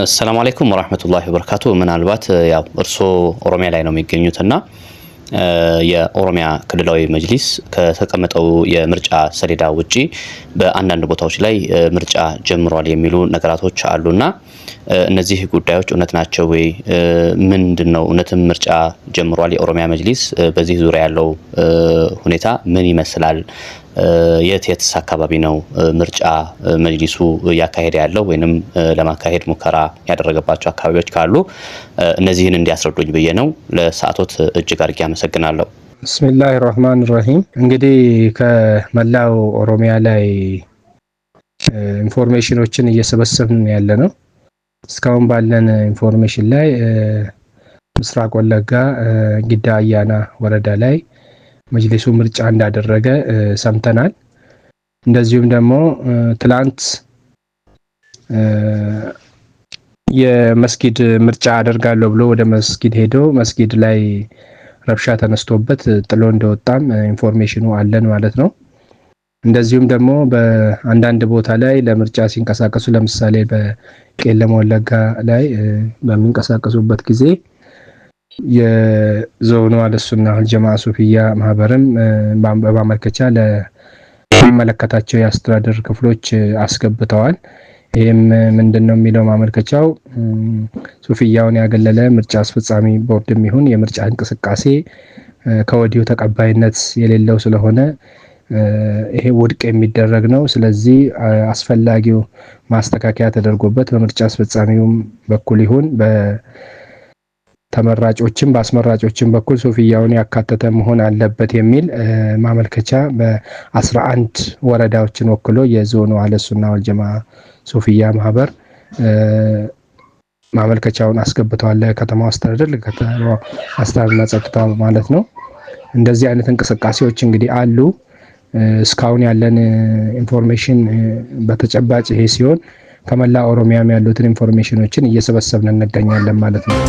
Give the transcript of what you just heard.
አሰላሙ አለይኩም ወራህመቱላሂ ወበረካቱ። ምናልባት ያው እርስዎ ኦሮሚያ ላይ ነው የሚገኙት እና የኦሮሚያ ክልላዊ መጅሊስ ከተቀመጠው የምርጫ ሰሌዳ ውጪ በአንዳንድ ቦታዎች ላይ ምርጫ ጀምሯል የሚሉ ነገራቶች አሉና እነዚህ ጉዳዮች እውነት ናቸው ወይ? ምንድን ነው እውነትም ምርጫ ጀምሯል የኦሮሚያ መጅሊስ? በዚህ ዙሪያ ያለው ሁኔታ ምን ይመስላል? የት የትስ አካባቢ ነው ምርጫ መጅሊሱ እያካሄደ ያለው ወይንም ለማካሄድ ሙከራ ያደረገባቸው አካባቢዎች ካሉ እነዚህን እንዲያስረዱኝ ብዬ ነው። ለሰዓቶት እጅግ አድርጌ አመሰግናለሁ። ብስሚላህ ራህማን ራሂም። እንግዲህ ከመላው ኦሮሚያ ላይ ኢንፎርሜሽኖችን እየሰበሰብን ያለ ነው። እስካሁን ባለን ኢንፎርሜሽን ላይ ምስራቅ ወለጋ ጊዳ አያና ወረዳ ላይ መጅሊሱ ምርጫ እንዳደረገ ሰምተናል። እንደዚሁም ደግሞ ትላንት የመስጊድ ምርጫ አደርጋለሁ ብሎ ወደ መስጊድ ሄዶ መስጊድ ላይ ረብሻ ተነስቶበት ጥሎ እንደወጣም ኢንፎርሜሽኑ አለን ማለት ነው። እንደዚሁም ደግሞ በአንዳንድ ቦታ ላይ ለምርጫ ሲንቀሳቀሱ ለምሳሌ በቄለም ወለጋ ላይ በሚንቀሳቀሱበት ጊዜ የዞኑ አለሱና አልጀማ ሱፍያ ማህበርም በማመልከቻ ለሚመለከታቸው የአስተዳደር ክፍሎች አስገብተዋል። ይህም ምንድን ነው የሚለው ማመልከቻው ሱፍያውን ያገለለ ምርጫ አስፈጻሚ ቦርድም ይሁን የምርጫ እንቅስቃሴ ከወዲሁ ተቀባይነት የሌለው ስለሆነ ይሄ ውድቅ የሚደረግ ነው። ስለዚህ አስፈላጊው ማስተካከያ ተደርጎበት በምርጫ አስፈጻሚውም በኩል ይሁን ተመራጮችን በአስመራጮችን በኩል ሱፍያውን ያካተተ መሆን አለበት የሚል ማመልከቻ በ11 ወረዳዎችን ወክሎ የዞኑ አለሱና ወልጀማ ሱፍያ ማህበር ማመልከቻውን አስገብተዋል። ለከተማው አስተዳደር፣ ለከተማው አስተዳደርና ጸጥታ ማለት ነው። እንደዚህ አይነት እንቅስቃሴዎች እንግዲህ አሉ። እስካሁን ያለን ኢንፎርሜሽን በተጨባጭ ይሄ ሲሆን ከመላ ኦሮሚያም ያሉትን ኢንፎርሜሽኖችን እየሰበሰብን እንገኛለን ማለት ነው።